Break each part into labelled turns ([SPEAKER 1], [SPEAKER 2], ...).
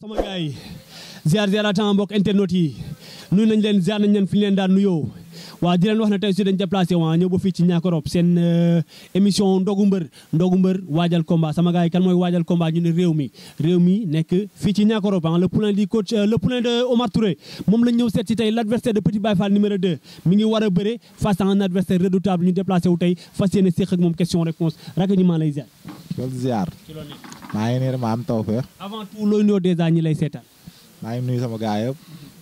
[SPEAKER 1] sama gars yi ziar ziaraat sama mbokk internet yi nuyu nañ leen ziar nañ leen fi ñu leen daan nuyoo waaw di len wax na tay si dañ déplacer wa ñëw ba fii ci Niakarab sen euh, émission ndogu mbeur ndogu mbeur waajal combat sama gaay kan moy waajal combat ñu ni réew mi réew mi nekk fii ci Niakarab ah, le poulain di coach euh, le poulain de Omar Touré mom la ñëw seet ci tay l'adversaire de Petit Baye numéro 2 mi ngi wara a face à un adversaire redoutable ñu déplacer wu tay fassiyene yéene ak mom question réponse raka ñu maa lay ziar
[SPEAKER 2] loolu ziar maa ngi nii ma am tawfeex avant tout loy nuyoo déjà ñi lay sétal ma ngi nuyu sama gaay yëpp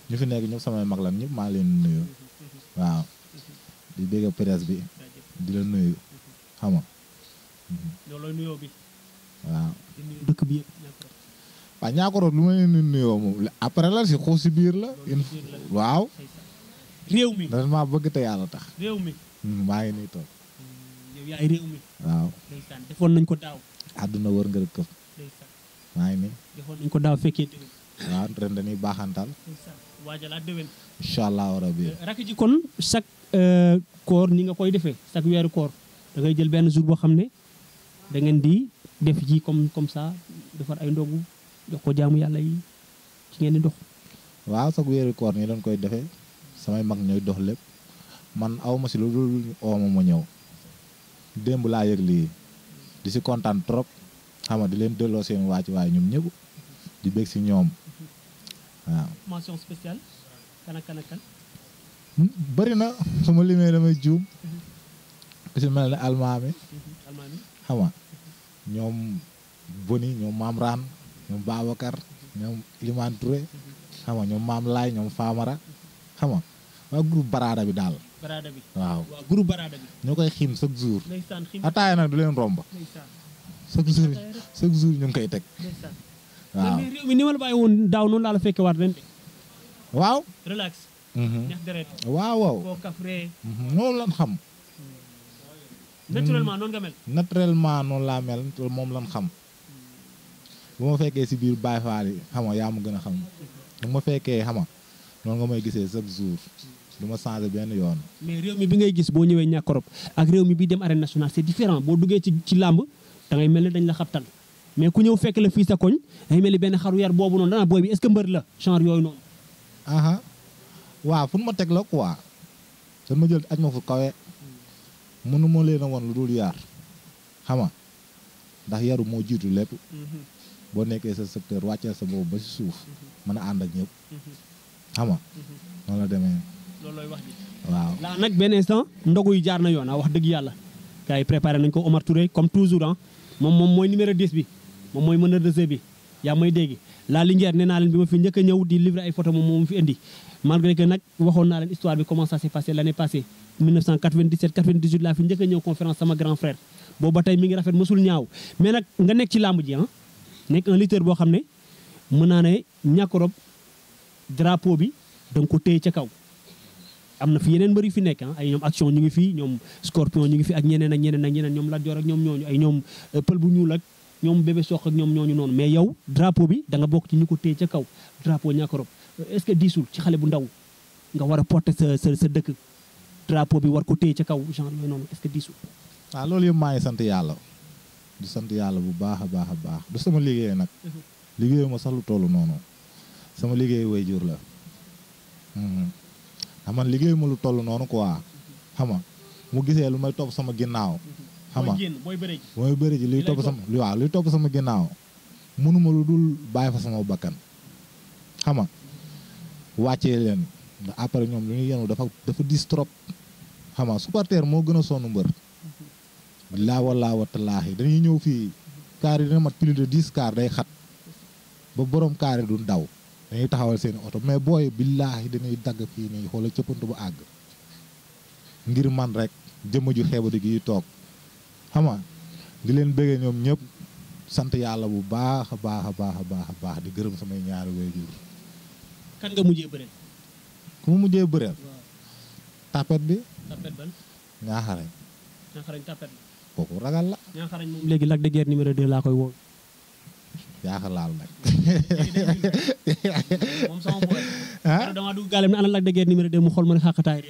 [SPEAKER 2] ñu fi nekk ñëpp samay mag lan ñëpp maa leen nuyu waaw di bégg presse bi di la nuyu xam waaw. dëkk bi yëpp. waaw ñaakoroot lu ma leen di maa bëgg te yàlla tax. Hmm, maa ngi nii toog. Hmm, waaw. defoon nañ ko daaw. àdduna wër nga këf. maa ngi nii. waaw ren dañuy baaxantal. waajalaat déwén. incha allahu rabi. Euh, rakk ji kon chaque euh,
[SPEAKER 1] koor ni nga koy defee chaque weeru koor da ngay jël benn jour boo xam ne da ngeen di def ji comme comme ça defar ay ndogu jox ko jaamu yàlla yi ci ngeen di dox.
[SPEAKER 2] waaw chaque weeru koor nii dañ koy defee samay mag ñooy dox lépp man aw ma si lu dul ooma ma ñëw démb laa yëg lii di si kontaan trop xam nga di leen delloo seen waaci waaye ñoom ñëpp di bég si ñoom waaw ah.
[SPEAKER 1] mention spéciale
[SPEAKER 2] na su ma limee damay juum mhm. ku si mel ne almaami mhm. xam ñoom Boni ñoom Maam Raan ñoom Babacar ñoom Iliman Touré mhm. xam ñoom Maam Laay ñoom Famara xam nga groupe Barada bi daal barada bi waaw groupe barada bi. ñoo koy xiim chaque jour. ataaya nag du leen romb. chaque
[SPEAKER 1] jour ñu ngi koy teg. waaw mais réew mi fekkee waat
[SPEAKER 2] ren waaw. relax. ñax mhm. deret. waaw waaw boo kafree. Mhm. loolu lan xam. Mm. Mm. naturellement noonu laa mel moom lan xam. bu ma fekkee ci biir Baye Fall yi xam nga yaa ma gën a xam. bu ma fekkee xam nga noonu nga may gisee chaque jour. du ma changé benn yoon.
[SPEAKER 1] mais réew mi bi ngay gis boo ñëwee ñàkk Europe ak réew mi bi dem arène nationale c'est différent boo duggee ci ci làmb da ngay mel ni dañ la xabtal. mais ku ñëw fekk la fii sa koñ day mel ni benn xaru yar boobu noonu dana booy bi est-ce que mbër la genre
[SPEAKER 2] yooyu noonu. aha waaw fu ma teg la quoi. dañ ma jël aj ma fu kawe. mënu ma leen a wan lu dul yaar xam nga ndax yaru moo jiitu lépp. Mhm. boo nekkee sa secteur wàccee sa boobu ba si suuf. Mhm. mën a ànd ak ñëpp. Mhm. xam nga la demee. loolu looy wax waaw ndax nag beneen sa
[SPEAKER 1] ndogu yi jaar na yoon a ah, wax dëgg yàlla. gars yi préparé nañ ko Omar Touré comme toujours ah moom moom mooy numéro 10 bi. moom mooy mën a jeu bi yaa may dégg la Linguère nee naa leen bi ma fi njëkk a ñëw di livrer ay photo moom moom fi indi malgré nag waxoon naa leen histoire bi comment ça s'est passé l'année passée laa fi njëkk a ñëw conférence sama grand frère boobu ba tey mi ngi rafet mësul ñaaw mais nag nga nekk ci làmb ji ah nekk un lutteur boo xam ne mën naa ne ñàkk rob drapeau bi da nga ko téye ca kaw am na fi yeneen mbër yu fi nekk ah ay ñoom action ñu ngi fi ñoom scorpion ñu ngi fi ak ñeneen ak ñeneen ñoom Lat Joor ak ñoom ñooñu ay ñoom euh, pël bu ñuul ak ñoom bébé soq ak ñoom ñoo ñu noonu mais yow drapeau bi da bokk ci ñu ko téye ca kaw drapeau ñàkk rob est-ce que diisul ci xale bu ndaw nga war a porter sa sa dëkk drapeau bi war
[SPEAKER 2] ko téye ca kaw genre yooyu noonu est-ce que diisul. waaw loolu yëpp maa ngi sant yàlla du sant yàlla bu baax a baax a baax lu sama liggéey nag. liggéey ma sax lu toll noonu sama liggéey way jur la. Mhm. xam man liggéey ma lu toll noonu ko xam nga mu gisee lu may topp sama ginnaaw Hama, nga booy bëri ji luy topp sama waaw luy topp sama ginnaaw mënuma lu dul bàyyi fa sama bakkan xam nga wàccee leen ndax après ñoom lu ñuy yenu dafa dafa dis trop xam nga supporter moo gën a sonn mbër laa walaa wa talaahi dañuy ñëw fii kaar yi dina mat plus de dix kaar day xat ba borom kaar du daw dañuy taxawal seen oto mais booy billaahi dañuy dagg fii nii xoola cëppant bu àgg ngir man rek jëmm ju xeebadi gi toog xama di leen bëgge ñoom ñëpp sant yàlla bu baax a baax a baax a baax a baax di gërëm samay ñaari wayjur
[SPEAKER 1] kan nga mujjee bëreel
[SPEAKER 2] ku mu mujjee bëreel tapet bi tapet ban ñaaxarañ
[SPEAKER 1] ñaaxarañ tapet la
[SPEAKER 2] kooku ragal la
[SPEAKER 1] ñaaxarañ moom léegi
[SPEAKER 2] Lac de guerre numéro 2 laa koy woo yaaka laal nak
[SPEAKER 1] mom sama boy ah dama dug galam ana lak de guerre numéro 2 mu xol man xaqataay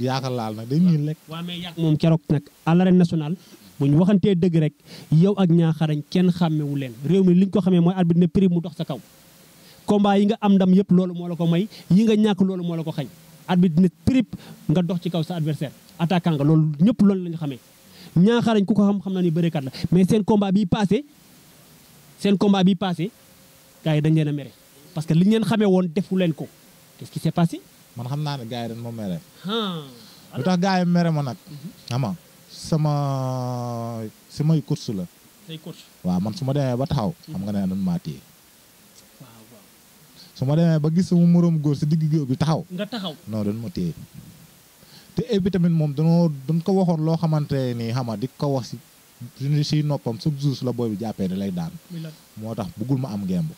[SPEAKER 1] yaaka laal nak day miin lek wa mais yak mom kérok nak à nationale bu ñu waxantee dëgg rek yow ak ñaaxarañ kenn xàmmewu leen réew mi li ñu ko xamee mooy arbitre ne prix mu dox sa kaw. combat yi nga am ndam yëpp loolu moo la ko may yi nga ñàkk loolu moo la ko xañ arbitre ne prix nga dox ci kaw sa adversaire attaquant nga loolu ñëpp loolu la ñu xamee. ñaaxarañ ku ko xam xam na ni bëreekat la mais seen combat bi passé seen combat bi passé gars yi dañ leen a mere parce que li ñu leen xamee woon
[SPEAKER 2] defu leen ko qu'est-ce qui s'est passé. xam naa ne gars yi dañ ma mere. Ah. lu ma nag. xam mhm. sama samay course la.
[SPEAKER 1] ay course waaw man su ma
[SPEAKER 2] demee ba taxaw. xam nga ne nan maa téye. su ma demee ba gis sama moroom góor si digg géew bi taxaw. nga taxaw non dañ ma bi tamit moom danoo dañ ko waxoon loo xamante nii xama di ko wax si si noppam chaque la booy bi jàppee lay daan. moo tax bëggul ma am ngemb.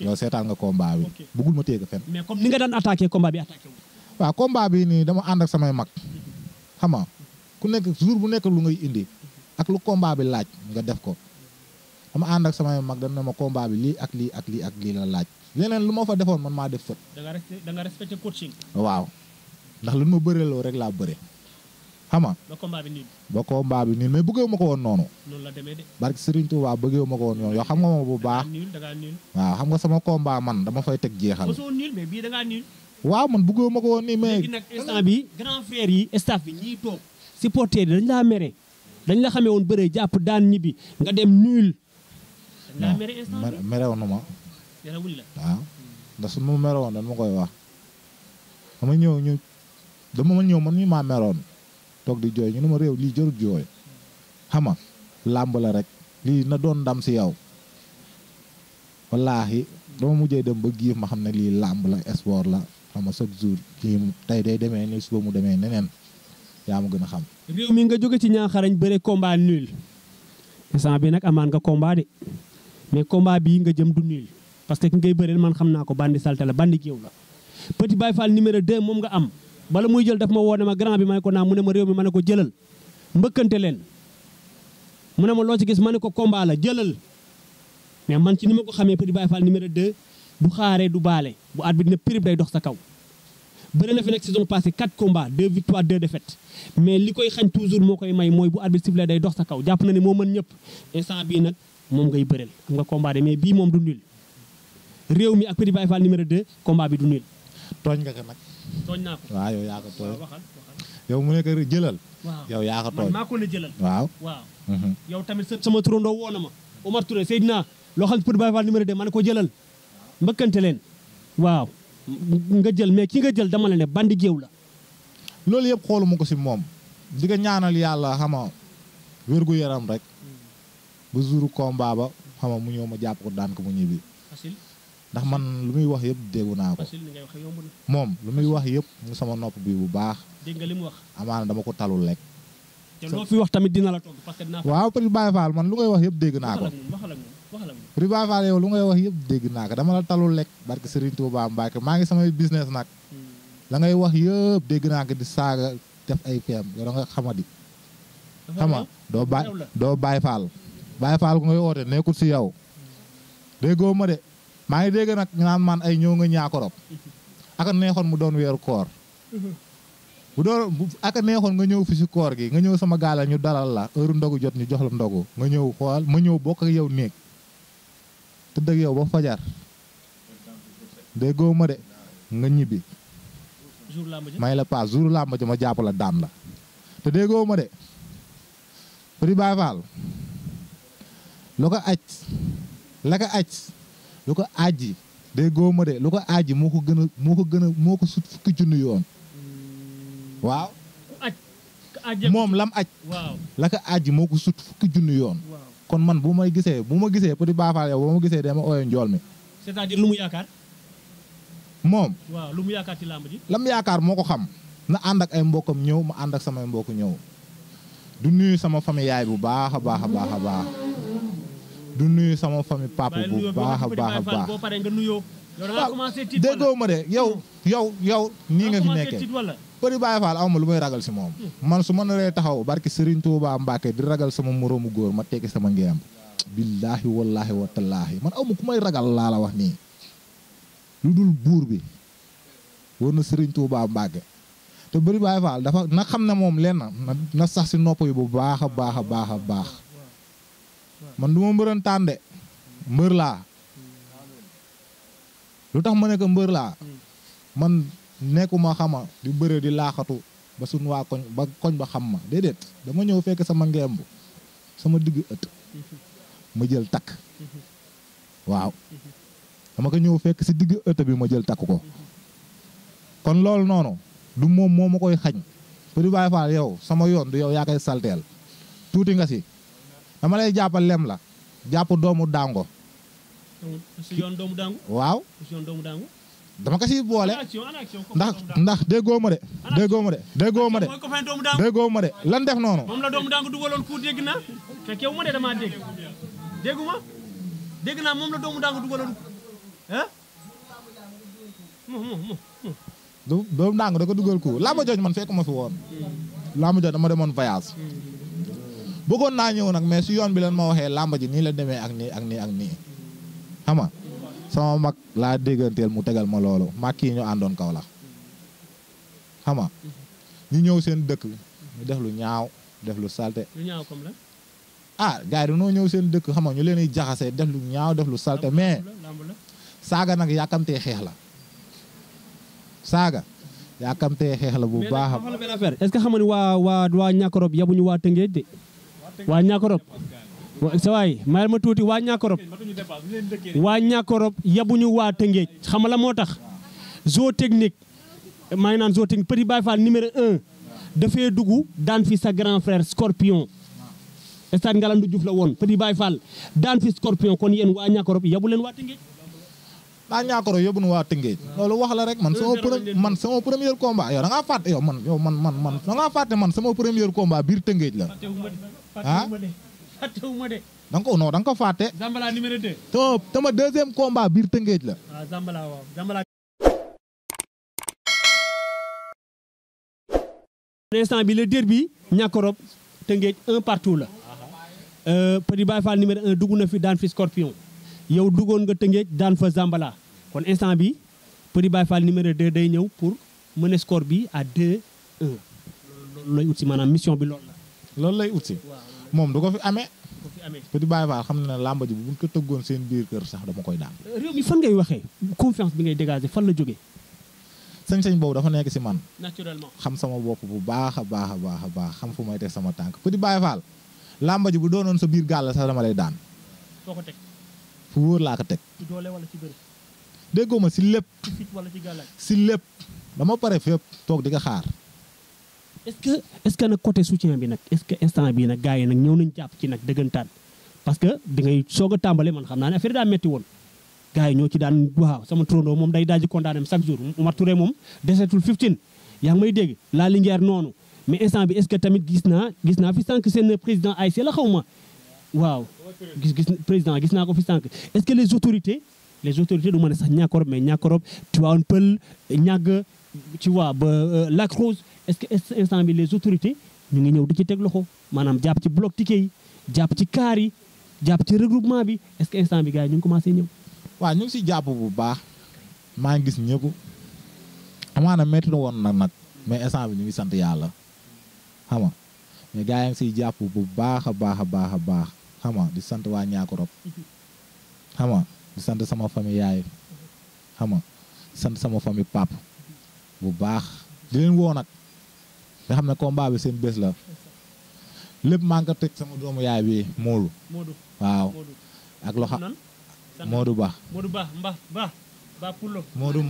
[SPEAKER 2] yow seetaan nga combat bi. bëggul ma téye ko fenn. ni nga daan attaqué combat bi attaqué wu. waaw bi nii dama ànd ak samay mag. xama ku nekk jour bu nekk lu ngay indi ak lu combat bi laaj nga def ko dama ànd ak samay mag ma combat bi lii ak lii ak lii ak lii la laaj leneen lu ma fa defoon man maa def fët.
[SPEAKER 1] da nga respecté coaching.
[SPEAKER 2] waaw ndax lu ma bëreloo rek laa bëre. xam nga ba combat bi nii. ba combat bi nii mais bëggee ma ko woon noonu. noonu la demee de. barke Serigne Touba bëggee ma ko woon noonu yow xam nga moom bu baax. waaw xam nga sama combat man dama fay teg jeexal. mosoo waaw man bëggee ma ko woon nii mais. léegi nag instant bi yi staff
[SPEAKER 1] bi ñiy toog. supporter yi dañ laa mere dañ la xamee woon bëre jàpp daan ñibbi nga dem nul.
[SPEAKER 2] dañ merewoon na ma. waaw ndax su ma merewoon dañ ma koy wax. dama ñëw ñu dama ma ñëw man mi ma meroon toog di jooy ñu ne ma réew lii jarut jooy xam làmb la rek lii na doon ndam si yow. wallaahi dama mujjee dem ba giif ma xam ne lii làmb la sport la xam nga chaque jour kii tey day demee su suba mu demee neneen. yaa ma gën a xam.
[SPEAKER 1] réew mi nga jóge ci ñaaxarañ bëre combat nul. instant bi nag amaan nga combat de mais combat bii nga jëm du nul parce que ki ngay bëreel man xam naa ko bandi salte la bandi géew la. Petit Baye Fall numéro 2 moom nga am bala muy jël daf ma woo ne ma grand bi ma ko naa mu ne ma réew mi ma ne ko jëlal mbëkkante leen mu ne ma loo ci gis ma ne ko combat la jëlal mais man ci ni ma ko xamee Petit Baye Fall numéro 2 bu xaaree du baale bu arbitre ne prib day dox sa kaw. bëre na fi nag saison passée 4 combats 2 victoires 2 défaites mais li koy xañ toujours koy may bu arbitre day dox sa kaw na mën ñëpp instant combat de mais du nul ak Fall numéro combat bi du nul. nga ko
[SPEAKER 2] yow mu nekk jëlal. yow ne jëlal. waaw waaw. Mhm.
[SPEAKER 1] yow tamit sama na ma Omar Touré Seydina
[SPEAKER 2] nga jël mais ki nga jël dama la ne bandi géew la. loolu yëpp xooluma ko si moom. di ñaanal yàlla xama wérgu yaram rek. ba jouru combat ba xama mu ñëw ma jàpp ko daan ko mu ñibbi. ndax man lu muy wax yëpp déggu naa ko. moom lu muy wax yëpp mu sama nopp bi bu baax. dégg nga li mu wax. amaana dama ko talul lekk
[SPEAKER 1] te loo fi wax tamit dina la togg parce que waaw
[SPEAKER 2] peut-être Baye Fall man lu ngay wax yëpp dégg naa ko. Riba Fall yow lu ngay wax yëpp dégg naa ko dama la talul lekk barke Serigne Touba Mbacke maa ngi samay business nag hmm. la ngay wax yëpp dégg naa ko di saaga def ay feem yow da nga xamadi doo bàyyi doo bàyyi faal bàyyi faal ku ngay woote nekkul si yow hmm. déggoo ma de maa ngi dégg nag ñaa man ay ñëw nga ñaakorop aka neexoon mu doon weeru koor bu doon aka neexoon nga ñëw fi si koor gi nga ñëw sama gaala ñu dalal la heure ndogu jot ñu jox la ndogu nga ñëw xool ma ñëw bokk ak yow néeg tëdd ak yow ba fajar déggoo ma de nga ñibbi may la paas jour làmb ma jàpp la daan la te déggoo ma de Petit Baye Fall lu ko aj la ko aj lu ko ma ko ajji moo ko gën a moo ko gën a moo ko sut fukki junni yoon waaw moom lam aj la ko moo ko sut fukki junni yoon kon man bu may gisee bu ma gisee petit baafaal yow bu ma gisee dama ooyoo njool mi.
[SPEAKER 1] c'est-à-dire lu mu yaakaar. moom. waaw lu mu yaakaar ci làmb ji.
[SPEAKER 2] lam yaakaar moo ko xam. na ànd ak ay mbokkam ñëw ma ànd ak samay mbokk ñëw. du nuyu sama famille yaay bu baax a baax a baax a baax. du nuyu sama famille papa bu baax a baax a baax. déggoo ma de yow yow yow nii nga fi nekkee. bëri Baye Fall awma lu may ragal si moom hmm. man su ma naree taxaw barki Serigne Touba Mbacke di ragal sama moroomu góor ma tekki sama ngéyam billaahi wallaahi wa tallaahi man awma ku may ragal laa la wax nii lu dul buur bi war na Serigne Touba Mbacke te bëri Baye Fall dafa na xam ne moom lenn na sax si nopp yi bu baax a baax a baax a baax man du ma mbërën tànde mbër laa hmm. lu tax ma nekk mbër laa hmm. man nekkuma xama di beure di laaxatu ba sun wa koñ ba koñ ba xam ma dedet dama ñew fekk sama ngemb sama digg eut ma jël tak waaw dama ko ñew fekk si digg eut bi ma jël tak ko kon lool nono du mom mom koy xañ Petit Baye Fall yow sama yoon du yow ya kay saltel tuuti nga si dama lay jappal lem la japp doomu dàngo.
[SPEAKER 1] yoon doomu waaw yoon
[SPEAKER 2] dama ko siy boole ndax ndax déggoo ma de déggoo ma de lan def noonu.
[SPEAKER 1] moom la doomu dugal dugaloon ku dégg na fekk yow ma de damaa dégg déggu ma dégg naa moom la doomu daangu dugaloon ah moom
[SPEAKER 2] doomu daangu da dugal ku làmb jooj man fekkuma fi woon làmb jooj dama demoon voyage. bëggoon naa ñëw nag mais si yoon bi lan ma waxee làmb ji nii la demee ak nii ak nii ak nii xam nga sama mag laa dégganteel mu tegal ma loolu màkk yi ñu àndoon kaw la xam nga ñu ñëw seen dëkk ñu def lu ñaaw def lu salte lu ñaaw comme ah gars yi dañoo ñëw seen dëkk xam nga ñu leen di jaxase def lu ñaaw def lu salte mais saaga nag yàkkamtee xeex la saaga yàkkamtee xeex la bu baax a. mais xam nga ni waa waa
[SPEAKER 1] waa Niakorop yabuñu waa Tëngéej de waa Niakorop. saway waay mayal ma tuuti waa korop waa korop yabuñu wa tengé xam la moo zoo technique may nan naan zoo technique petit baay faal numéro da fay duggu dan fi sa grand frère scorpion stade ngalandu djuf la won petit fi
[SPEAKER 2] scorpion kon yéen waa korop yabu len wa tengé daa ñaakoro yóbbu wa tengé tëngeej wax la rek man sama man sama premier combat yow da nga yow man yow man man man da nga fàtte man sama premier combat bir tengé la
[SPEAKER 1] ha fàttewuma de. da nga ko non da
[SPEAKER 2] nga ko biir Tëngéej la.
[SPEAKER 1] Ah, waaw Zambala waaw
[SPEAKER 2] instant bi le derby
[SPEAKER 1] Niakorop Tëngéej un partout la. Euh, Petit Baye Fall numéro 1 dugg na fi daan fi Scorpion. yow duggoon nga Tëngéej daan fa Zambala kon instant bi Petit Baye Fall numéro 2 day ñëw pour mener score bi à 2-1. loolu lay ut si maanaam
[SPEAKER 2] mission bi loolu la. loolu lay ut si. moom du ko fi amee. du ko fi xam na ne làmba ji bu ñu ko tëggoon seen biir kër sax dama koy daan. réew mi fan waxee confiance bi ngay dégager fan la jógee. sañ-sañ boobu dafa nekk si man. naturellement xam sama bopp bu baax a baax a baax a baax xam fu may teg sama tànk Petit Baye Fall làmba bu doonoon sa biir gàll sax dama lay daan. foo ko teg. fu wóor laa ko teg. doole wala ci déggoo ma si lépp. wala ci gàllaaj. si lépp dama pare fépp toog di ko xaar. est-ce que est-ce que nag
[SPEAKER 1] côté soutien bi nag est-ce que instant bii nag gars nag ñëw nañ jàpp ci nag dëggantaan parce que da ngay soog a tàmbale man xam naa ne affaire daa metti woon gars yi ñoo ci daan waaw sama trondoo moom day daal di condamné chaque jour Omar Touré moom desetul 15 yaa la gis naa gis naa fi sànq seen président ASC la xaw ma waaw gis gis président gis naa ko fi sànq est-ce que les autorités les autorités du ma sax ñàkkorob mais ñàkkorob Tivaouane Peulh ñàgg ci waa ba euh, Lac Rose est-ce que instant bi les autorités ñu ngi ñëw di ci teg loxo maanaam jàpp ci bloc ticket yi jàpp ci kaar yi jàpp ci regroupement bi
[SPEAKER 2] est-ce que instant bi gars yi ñu ngi commencé ñëw. waaw ñu ngi si jàpp bu baax maa ngi gis ñëpp amaana métti woon nag nag mais instant bi ñu ngi sant yàlla xam nga mais gars yi ngi siy jàpp bu baax a baax a baax a baax xam di sant waa Niakoulrab xam di sant sama famille yaay xam nga sant sama famille pap bu baax di leen woo nag. nga xam ne combat bi seen bés la lépp maa ngi ko teg sama doomu yaay bi Moodu. waaw ak loxo Moodu Ba. Moodu Ba Mba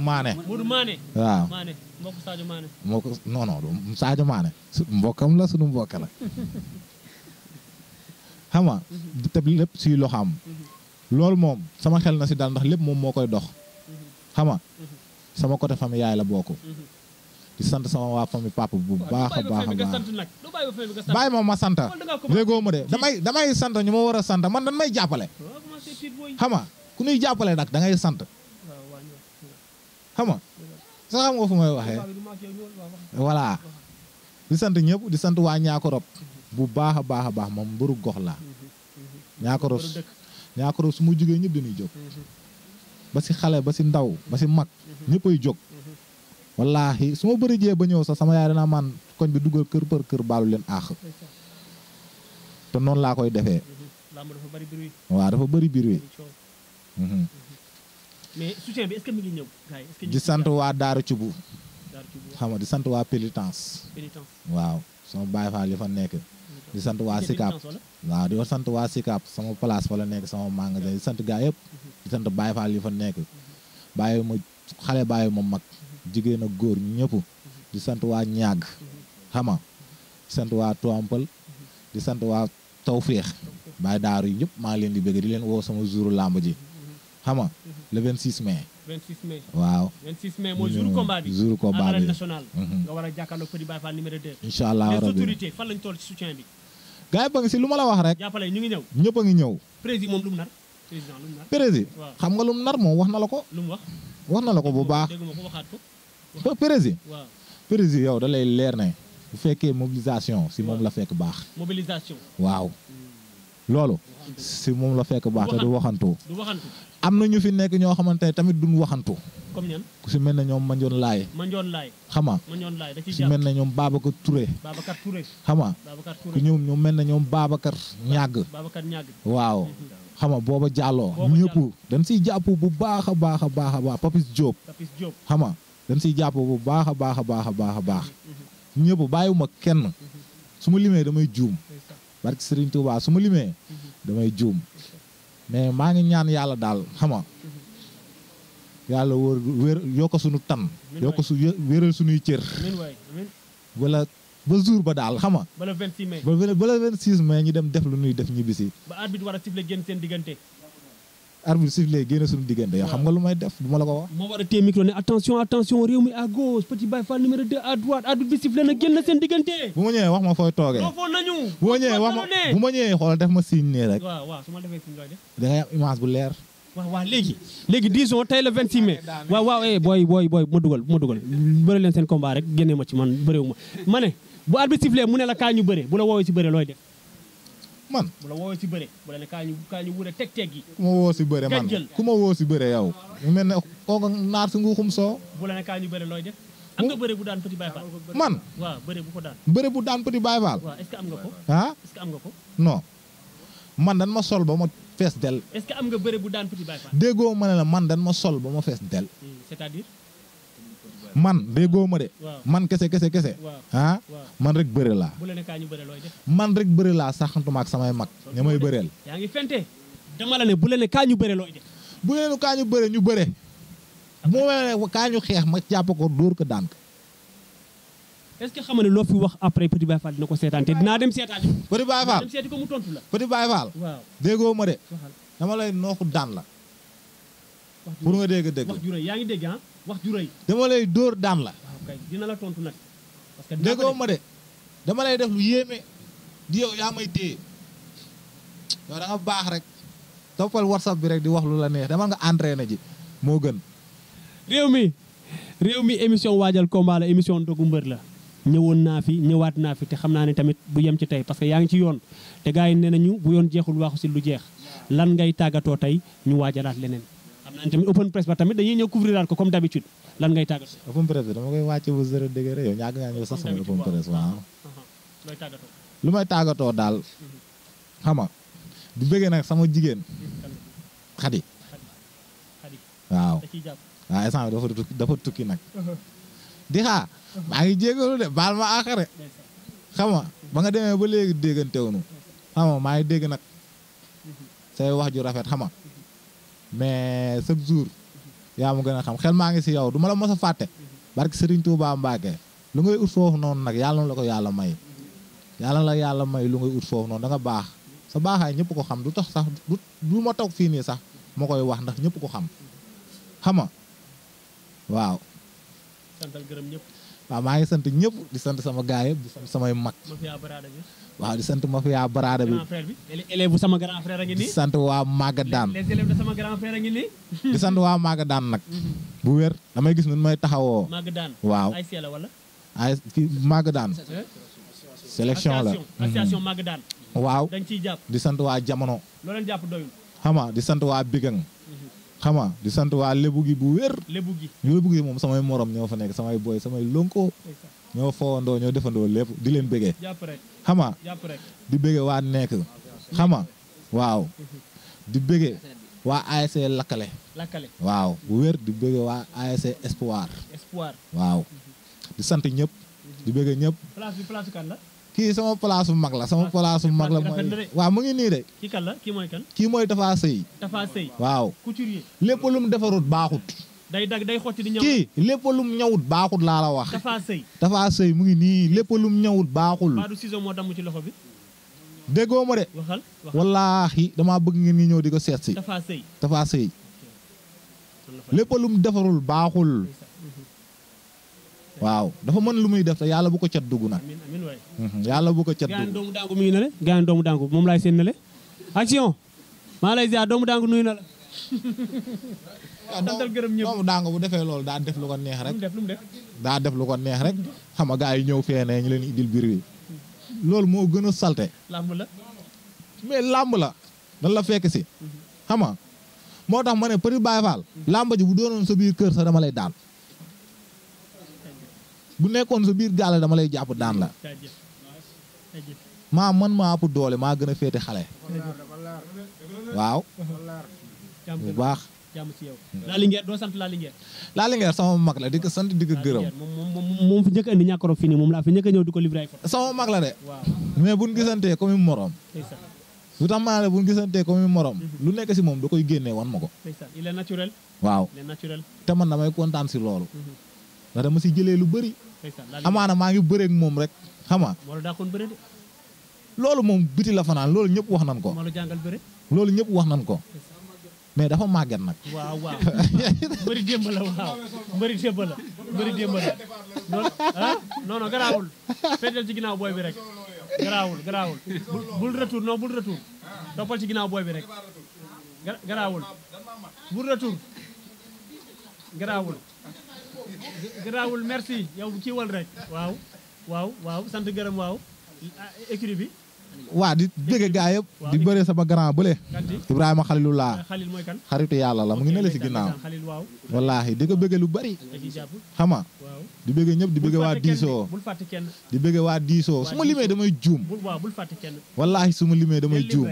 [SPEAKER 2] Maane. waaw Maane mbokk Sadio Maane. mbokk non Maane. mbokkam la sunu mbokk la. xam nga te lépp si loxaam. Mm-hmm. loolu moom sama xel na si daal ndax lépp moom moo koy dox. Mm-hmm. xam nga mm-hmm. sama côté famille yaay la bokk. di sant sama waa famille papa bu baax a baax a
[SPEAKER 1] baax bàyyi moom ma sant léegoo ma de damay damay sant
[SPEAKER 2] ñu ma war a sant man dañ may jàppale xam ku ñuy jàppale nag da ngay sant xam nga xam nga fu may waxee voilà di sant ñëpp di sant waa ñaakorob bu baax a baax a baax moom mbëru gox laa ñaakorob ñaakorob su ma jógee ñëpp dañuy jóg mhm. ba si xale ba si ndaw ba si mag mhm. ñëppay jóg wallahi suma ma bëri jee ba ñëw sax sama yaay danaa man koñ bi duggal kër par kër balu leen ax te non la koy defee wa dafa bëri bir wi hmm
[SPEAKER 1] mais soutien bi est-ce que mi ngi ñëw ce que di sant
[SPEAKER 2] waa ci bu xam nga di sant waa Pénitence waaw sama baay fa li fa nekk di sant wa sikap waaw di wa sant wa sikap sama place fa la nekk sama magasin ya. di sant gaay yëpp mhm. di sant baay fa li fa nekk bàyyi ma xalé bàyyi mo mag jigéen ak góor ñëpp mm-hmm. di sant waa ñaag mm-hmm. xama sant waa tuwampal di sant waa mm-hmm. tawféex baay daaru yi ñëpp maa ngi leen di bëgg di leen woo sama jouru làmb ji le 26 mai 26 mai waaw 26 a jàkkaarloo Petit ma la wax rek jàppale ñu ngi ñëw a ngi ñëw
[SPEAKER 1] président moom lu mu nar président lu mu nar président xam
[SPEAKER 2] nga lu mu nar moom wax na la ko lu mu wax wax na la ko bu baax Pérési waaw Pérési yow da lay leer ne bu fekkee mobilisation si moom la fekk baax.
[SPEAKER 1] mobilisation
[SPEAKER 2] waaw. loolu si moom la fekk baax te du waxantu. du waxantu am na ñu fi nekk ñoo xamante ne tamit duñ waxantu. comme ñan ku si mel ne ñoom Mandione Laye.
[SPEAKER 1] Mandione Laye xam nga. Mandione Laye da ciy jàpp si mel ne ñoom Babacar Touré. Babacar Touré xam nga. Babacar Touré ñoom
[SPEAKER 2] ñoom mel ne ñoom Babacar Ñàgg.
[SPEAKER 1] Babacar Ñàgg waaw. Mhm.
[SPEAKER 2] xam nga booba jàlloo. ñëpp dañ siy jàpp bu baax a baax a baax a baax Papis Diop. Papis Diop xam nga. dañ siy jàpp bu baax a baax a baax a baax a baax mm-hmm. ñëpp bàyyiwuma kenn mm-hmm. su ma limee damay juum mm-hmm. barke Serigne Touba su ma limee damay juum mais maa ngi ñaan yàlla daal xam nga yàlla wër wér yokk suñu tan yokk su wéral suñuy cër wala ba jour ba daal xam nga ba le 26 mai ba le dem def lu ñuy def ñibbisi
[SPEAKER 1] a siffler génn
[SPEAKER 2] arbitre sifflé génn suñu diggante yow xam nga lu may def du ma la ko wax moo war a téye micro ne attention
[SPEAKER 1] attention réew mi à gauche petit Baye Fall numéro 2 à droite arbitre bi sifflé na génn seen diggante
[SPEAKER 2] bu ma ñëwee wax ma fooy toogee foofu nañu bu ma ñëwee wax ma bu ma ñëwee xoolal def ma signe nii rek
[SPEAKER 1] waaw waaw su ma defee signe looy def
[SPEAKER 2] da ngay am image bu leer waaw waaw léegi léegi disons tey le 26 mai waaw waaw eh booy booy booy bu
[SPEAKER 1] ma dugal bu ma dugal bëri leen seen combat rek génnee ma ci man bëréewu ma ma ne bu arbitre sifflé mu ne la kaa ñu
[SPEAKER 2] bëre bu la woowee si bëre looy def man
[SPEAKER 1] bu la woo si bëre bu la ne kaa ñu kaa ñu wute teg teg gi
[SPEAKER 2] ku ma ku ma woo si bëre yow mel ne kooku naar si nguuxum soo
[SPEAKER 1] bu la kaa ñu bëre looy def am nga bëre bu daan petit baay faal man waaw bëre bu ko daan bëre bu daan petit baay am nga ko ah am nga ko
[SPEAKER 2] non man dan ma sol ba ma fees del
[SPEAKER 1] est-ce que am nga bëre bu daan petit baay faal
[SPEAKER 2] déggoo ma ne la man dan ma sol ba ma fees del hmm, man déggoo ma de. man kese kese kese. ah man rek bëri laa. man rek bëri laa saxantuma ak samay mag. ña may bëreel.
[SPEAKER 1] yaa ngi fente dama bu leen kaa ñu bëre looy
[SPEAKER 2] kaa ñu bëre ñu bëre. bu kaa ñu xeex ma jàpp ko dóor ko daan ko.
[SPEAKER 1] ce xam nga ne loo
[SPEAKER 2] wax après Petit Baye ko seetaan te dinaa dem seetaan. Petit Baye Fall dem seeti ko mu déggoo ma de. dama lay nooxu daan la. pour nga dégg dégg wax ju yaa ngi dégg ah wax ju rëy dama lay dóor daan la ah, dina la tontu nag parce que déggoo ma dama lay def lu yéeme di yow yaa may téye yow da baax rek toppal whatsapp bi rek di wax lu la neex dama nga entraîné ji moo gën réew mi
[SPEAKER 1] réew mi émission waajal combat la émission dogu mbër la ñëwoon naa fi ñëwaat naa fi te xam naa ne tamit bu yem ci tey parce que yaa ngi ci yoon te gars yi nee nañu bu yoon jeexul waxu si lu jeex lan ngay tàggatoo tey ñu waajalaat leneen naan tamit open press ba tamit dañuy ñëw couvrir ko comme d'habitude lan ngay
[SPEAKER 2] tàggatoo. open press bi dama koy wàcce bu zéro degré yow ñàkk ngaa ñëw sax sama open press waaw.
[SPEAKER 1] Ah.
[SPEAKER 2] lu may tàggatoo daal xam nga di bëggee nag sama jigéen xadi waaw waaw dafa tukki nag uh-huh. di xaa maa ngi jégalu de baal ma àqare xam nga ba nga demee ba léegi déggantewunu xam maa ngi dégg nag say wax ju rafet xam mais chaque jour yaa ma gën a xam xel maa ngi si yow du ma la mos a fàtte barki Serigne Touba mbaake lu ngay ut foofu noonu nag yàlla la ko yàlla may yàlla la yàlla may lu ngay ut foofu noonu da baax sa baaxaay ñëpp ko xam du tax sax du du ma toog fii nii sax ma koy wax ndax ñëpp ko xam xama waaw
[SPEAKER 1] santal ñëpp
[SPEAKER 2] waaw maa ngi sant ñëpp di sant sama gars yëpp di sant samay mag. waaw di sant mafia barada bi.
[SPEAKER 1] a di sant waa Magadaan. les sant waa
[SPEAKER 2] Magadaan nag. Mhm. bu wér damay gis nun may taxawoo. Magadaan waaw ay seela Magadaan.
[SPEAKER 1] sélection la association mhm.
[SPEAKER 2] waaw di sant waa jamono.
[SPEAKER 1] loo
[SPEAKER 2] di sant waa Bigang. xam nga di sant waa lébu gi bu wér. lébu gi ñu lébu gi moom samay morom ñoo fa nekk samay booy samay lonko. ñoo foowandoo ñoo defandoo lépp di leen bëggee. xam nga di bëggee waa nekk. xam waaw. di bëggee waa Lakkale. Lakkale waaw bu wér di bëggee waa ASC Espoir. waaw. di sant ñëpp. di bëggee ñëpp. kii sama place bu mag la sama ah, place bu mag la mooy waaw mu ngi nii de.
[SPEAKER 1] kii kii mooy kan.
[SPEAKER 2] kii mooy Tafa Sey.
[SPEAKER 1] Tafa Sey waaw. couturier
[SPEAKER 2] lépp lu mu defarut baaxut.
[SPEAKER 1] day dag day xotti di ñëw kii
[SPEAKER 2] lépp lu mu ñëwut baaxut laa la wax. Tafa Sey Tafa mu ngi nii lépp lu mu baaxul. Badou
[SPEAKER 1] Ciseaux moo damm ci loxo bi.
[SPEAKER 2] déggoo ma de. waxal damaa bëgg ngi ñu ñëw di ko seet si. Tafa Sey Tafa Sey lépp defarul baaxul. waaw dafa mën lu muy def te yàlla bu ko cat dugg nag. amiin waay mhm, yàlla bu ko cat dugg. doomu dànku
[SPEAKER 1] mi ngi nale gaan doomu dànku moom laay seen nale action maa lay ziar doomu dànku
[SPEAKER 2] nuyu na la. gërëm ñëpp doomu dànku bu defee loolu daa def lu ko neex rek. daa def lu ko neex rek xam nga gars yi ñëw feenee ñu leen indil biir bi loolu moo gën a salte. làmb làmb la dan la fekk si. Mhm. xam moo tax ma ne Petit Baye Fall. làmb ji bu doonoon sa biir kër sax dama lay daal. bu nekkoon sa biir gaale dama lay jàpp daan la maa man maa ëpp doole maa gën a féete xale
[SPEAKER 1] waaw bu baax jàmm ci yow laa lingeer doo sant laa lingeer
[SPEAKER 2] laa lingeer sama mag la di ko sant di ko gërëm moom fi njëkk a indi ñàkkoro fini moom laa fi njëkk ñëw di ko livré ay photo sama mag la de mais buñ gisantee comme morom lu tax maa ne gisantee comme morom mhm. lu nekk si moom da koy génnee wan ma ko
[SPEAKER 1] il est naturel waaw il est naturel
[SPEAKER 2] te man damay kontaan si loolu mhm. ndax dama si jëlee lu bëri amaana maa ngi bëreeg moom rek xam nga. loolu moom biti la fanaan loolu ñëpp wax nan ko. loolu ñëpp wax nan ko. mais dafa màgget nag.
[SPEAKER 1] waaw waaw mbëri démb waaw mbëri démb la mbëri garaawul féetal ci ginnaaw booy bi rek garaawul garaawul bul retour non bul retour toppal ci ginnaaw booy bi rek garaawul bul retour garaawul.
[SPEAKER 2] garaawul merci
[SPEAKER 1] yow kii wal rek wow wow waaw sant gërëm waaw ah, écurie bi
[SPEAKER 2] waa di bëgg gaa yëpp di bëre sama grand bële Ibrahima Xalilullah Xalil mooy kan xaritu yàlla la mu ngi ne la si ginnaaw wallaahi di ko bëgg lu bari xama di bëgg ñëpp di bëgg waa diisoo di bëgg waa diisoo su ma limee damay juum wallaahi su ma limee damay juum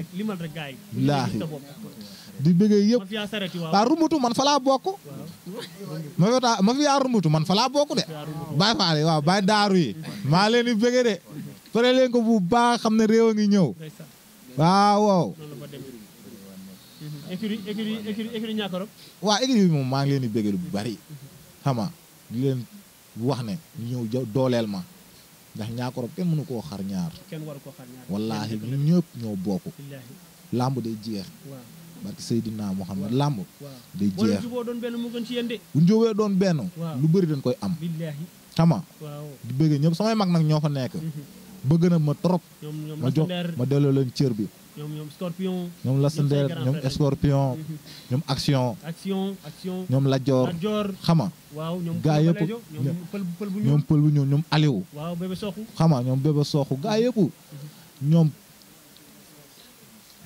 [SPEAKER 1] wallaahi
[SPEAKER 2] di bëggee yëpp waaw rumutu man fa bokk ma fitaa ma fiyaa man fa laa bokk de baay faale waaw baay daaru yi maa leen di bëggee de pare leen ko bu baax xam ne réew a ngi ñëw waaw waaw mhm. waaw écurie moom maa ngi leen di bëggee lu bari xama di leen wax ne ñëw ja dooleel ma ndax ñaakorob kenn mënu koo xar ñaar
[SPEAKER 1] wallaahi ñu
[SPEAKER 2] ñëpp ñoo bokk làmb day jeex barke Seydina Muhammad làmb
[SPEAKER 1] day jeex bu
[SPEAKER 2] njóowee doon benn lu bëri dañ koy am xama di bëgg ñëpp samay mag nag ñoo fa nekk mhm. bëgg na ma trop ma jox ma delloo leen cër bi
[SPEAKER 1] ñoom ñoom scorpion. ñoom lasandeer ñoom scorpion. Mhm. ñoom action. action ñoom lajoor xama. waaw ñoom gaa yëpp ñoom
[SPEAKER 2] pël bu ñoom ñoom aliw.
[SPEAKER 1] waaw bébé soxu.
[SPEAKER 2] xama ñoom bébé soxu gaa yëpp.
[SPEAKER 1] Mhm.
[SPEAKER 2] ñoom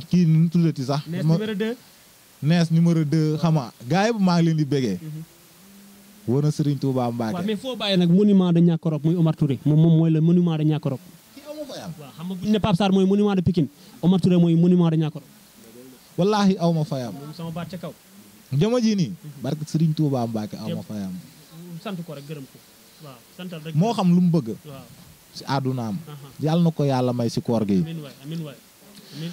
[SPEAKER 2] ki nu tuddati sax. nes numéro
[SPEAKER 1] 2.
[SPEAKER 2] nees numéro 2 xam nga gars yi ngi leen di bégee. Mhm. wona Serigne Touba Mbacke. wa mais fo
[SPEAKER 1] baye nak monument de ñakorop muy Omar Touré mom mom moy le monument de ñakorop rob.
[SPEAKER 2] kii fa yam. waaw xam nga bu ñu ne
[SPEAKER 1] Pape Sarr mooy monument de Pikine Omar Touré moy monument de ñakorop
[SPEAKER 2] wallahi awma aw ma fayam.
[SPEAKER 1] moom sama baat ca kaw.
[SPEAKER 2] jama ji ni mhm. barke Serigne Touba Mbacke awma ma fayam.
[SPEAKER 1] sant ko rek gërëm ko. wa santal rek. mo xam lu mu bëgg. wa
[SPEAKER 2] ci àddunaam. yàlla na ko yàlla may ci koor gi. amin
[SPEAKER 1] way amin way amiin.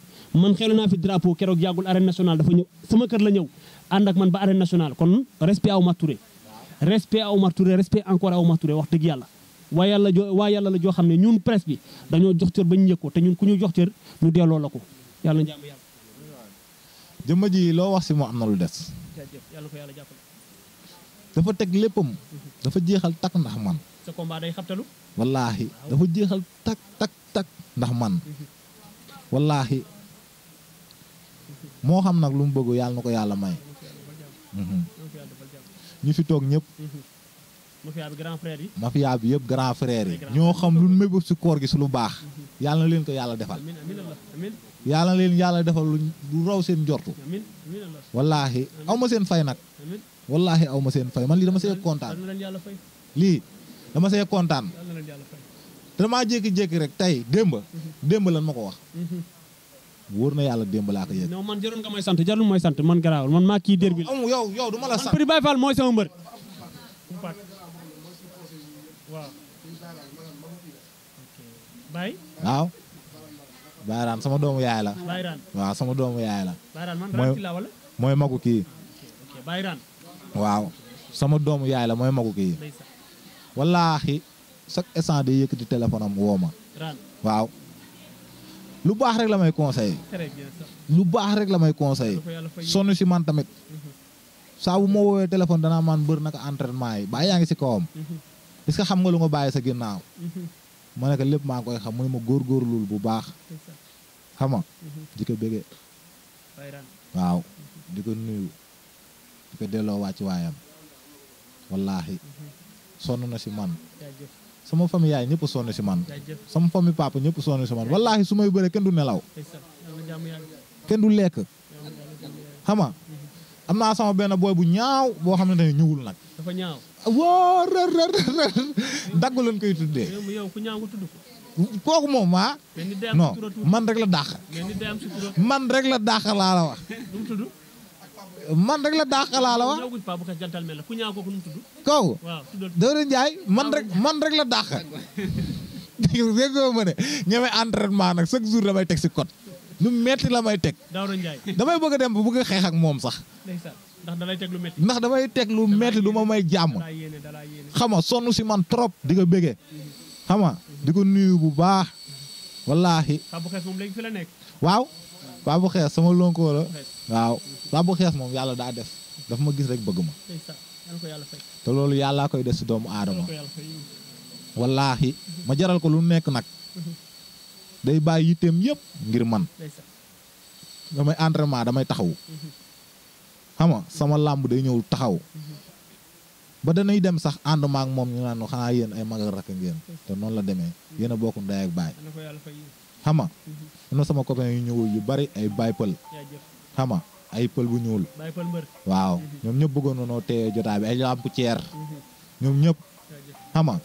[SPEAKER 1] man xelu naa fi drapeau keroog yàggul arène nationale dafa ñëw sama kër la ñëw ànd ak man ba arène nationale kon respect a Omar Touré respect à Omar Touré respect encore à Omar Touré wax dëgg yàlla waa yàlla jo waa yàlla la joo xam ne ñun presse bi dañoo jox cër ba ñu yëg ko te ñun ku ñu jox cër ñu delloo la ko yàlla njàmm yàlla
[SPEAKER 2] jëmma ji loo wax si moo am na lu des dafa teg léppam dafa jeexal tak ndax man
[SPEAKER 1] sa combat day xabtalu
[SPEAKER 2] wallaahi dafa jeexal tak tak tak ndax man mhm. moo xam nag lu mu bëgg yàlla na ko yàlla may. Mhm. ñu fi toog ñëpp.
[SPEAKER 1] Mhm. mafia bi grand frère yi. mafia yëpp grand yi. ñoo
[SPEAKER 2] xam lu mébëb si koor gi su lu baax. Mhm. yàlla na leen ko yàlla defal. yàlla na leen yàlla defal lu raw seen jortu. wallaahi aw ma seen fay nag. wallaahi aw ma seen fay man lii dama see kontaan. lii dama see kontaan. te dama jékki-jékki rek tey démb. démb lan ma ko wax. wóor
[SPEAKER 1] na yàlla démb laa ko sant jarul mooy sant man garaawul man maa kii derbi la. yow yow du sama mbër. waaw. Baye.
[SPEAKER 2] waaw. Bayraan sama doomu yaay la. Bayraan doomu yaay mooy magu kii. Bayraan. waaw sama doomu yaay la mooy magu kii. wallaahi chaque instant day yëkkati téléphone am woo waaw. lu baax rek la may conseillé. lu baax rek la may conseillé. sonn si man tamit. Mhm. saa bu ma woowee téléphone danaa man mbër naka entraînement yi bàyyi yaa ngi si kawam. Mhm. est-ce que xam nga lu nga bàyyi sa ginnaaw. Mhm. ma ne ko lépp maa koy xam mu ne ma góorgóorlul bu baax. xam nga di ko bëggee. waaw di ko nuyu. di ko delloo wàcc waayam. wallaahi sonn na si man. sama famille yaay ñëpp sonn si man sama famille papa ñëpp sonn si man wallaahi su may bëre kenn du nelaw kenn du lekk xam am naa sama benn booy bu ñaaw boo xamante ne ñëwul nag. dafa ñaaw woo rër rër rër dagg koy tuddee. kooku moom ah. non man rek la dàq. man rek la dàq laa man rek la daaxalaa la wax kooku Dóorin Njaay man rek man rek la daaxal dégg ma ne ñeme entraînement nag chaque jour damay teg si code lu metti la may teg damay bëgg a dem ba bëgg a xeex ak moom sax
[SPEAKER 1] ndax damay
[SPEAKER 2] teg lu metti lu ma may jàmm xam nga sonn si man trop di ko bëggee xama nga di ko nuyu bu baax wallaahi waaw papa xees sama lonko la waaw papa xees moom yàlla daa def dafa ma gis rek bëgg ma te loolu yàllaa koy def si doomu aadama wallaahi ma jaral ko lu nekk nag mhm. day bàyyi yitteem yëpp ngir man damay entraînement damay taxaw mhm. xam nga sama làmb day ñëw taxaw mhm. ba danay dem sax ànduma ak moom ñu naan xanaa yéen ay magal rakk ngeen te noonu la demee yéen a bokk ak baay xam nga sama copain yu ñëwul yu bari ay baay pël xam ay pël bu ñuul waaw mhm. ñoom ñëpp bëggoon nañoo téye jotaay bi ay làmp ceer mhm. ñoom ñëpp xam mhm.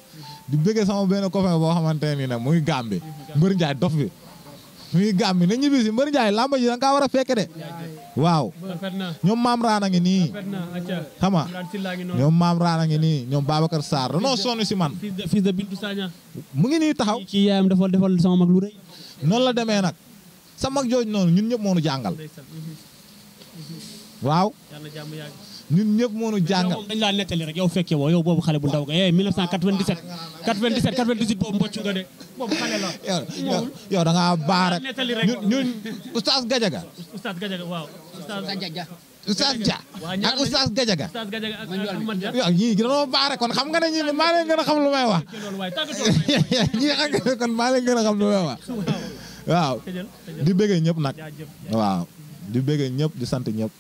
[SPEAKER 2] di bëggee sama benn copain boo xamante ni nag mu ngi Gàmbi mbër Njaay dof bi mu ngi na ñibbi si mbër Njaay làmb ji kaa war a fekke de waaw ñoom maam raana ngi nii xam nga ñoom maam raana ngi nii ñoom Babacar Sarr danoo sonn si man fils mu ngi nii taxaw ci yaayam defal defal sama mag lu rëy noonu la demee nag sama mag noonu ñun ñëpp moonu jàngal
[SPEAKER 1] mhm. Mhm.
[SPEAKER 2] waaw ñun ñëpp moo moonu
[SPEAKER 1] jàngal dañ laa nettali rek yow fekkee woo yow boobu xale bu ndaw nga eh 1997 97 98 boobu mbocc nga de boobu xale la
[SPEAKER 2] yow da ngaa baax rek ñun ñun oustaz Gajaga
[SPEAKER 1] oustaz Gajaga waaw Gajaga
[SPEAKER 2] Oustaz Dia ak Oustaz Gadiaga waaw ñii dañoo baare kon xam nga ne ñii maa leen a xam may wax ñii xam nga ne kon maa leen gën a xam lu may wax waaw di bëggee ñëpp nag waaw di bëggee ñëpp di sant ñëpp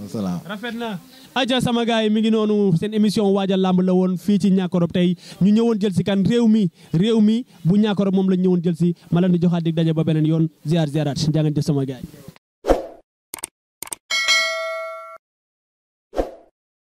[SPEAKER 2] wasalaam rafet na aja sama gars yi mi ngi
[SPEAKER 1] noonu seen émission waaja làmb la woon fii ci ñàkkorob tey ñu ñëwoon jël si kan réew mi réew mi bu ñàkkorob moom la ñëwoon jël si ma leen di joxaat di daje ba beneen yoon ziar ziaraat ja ngeen sama gars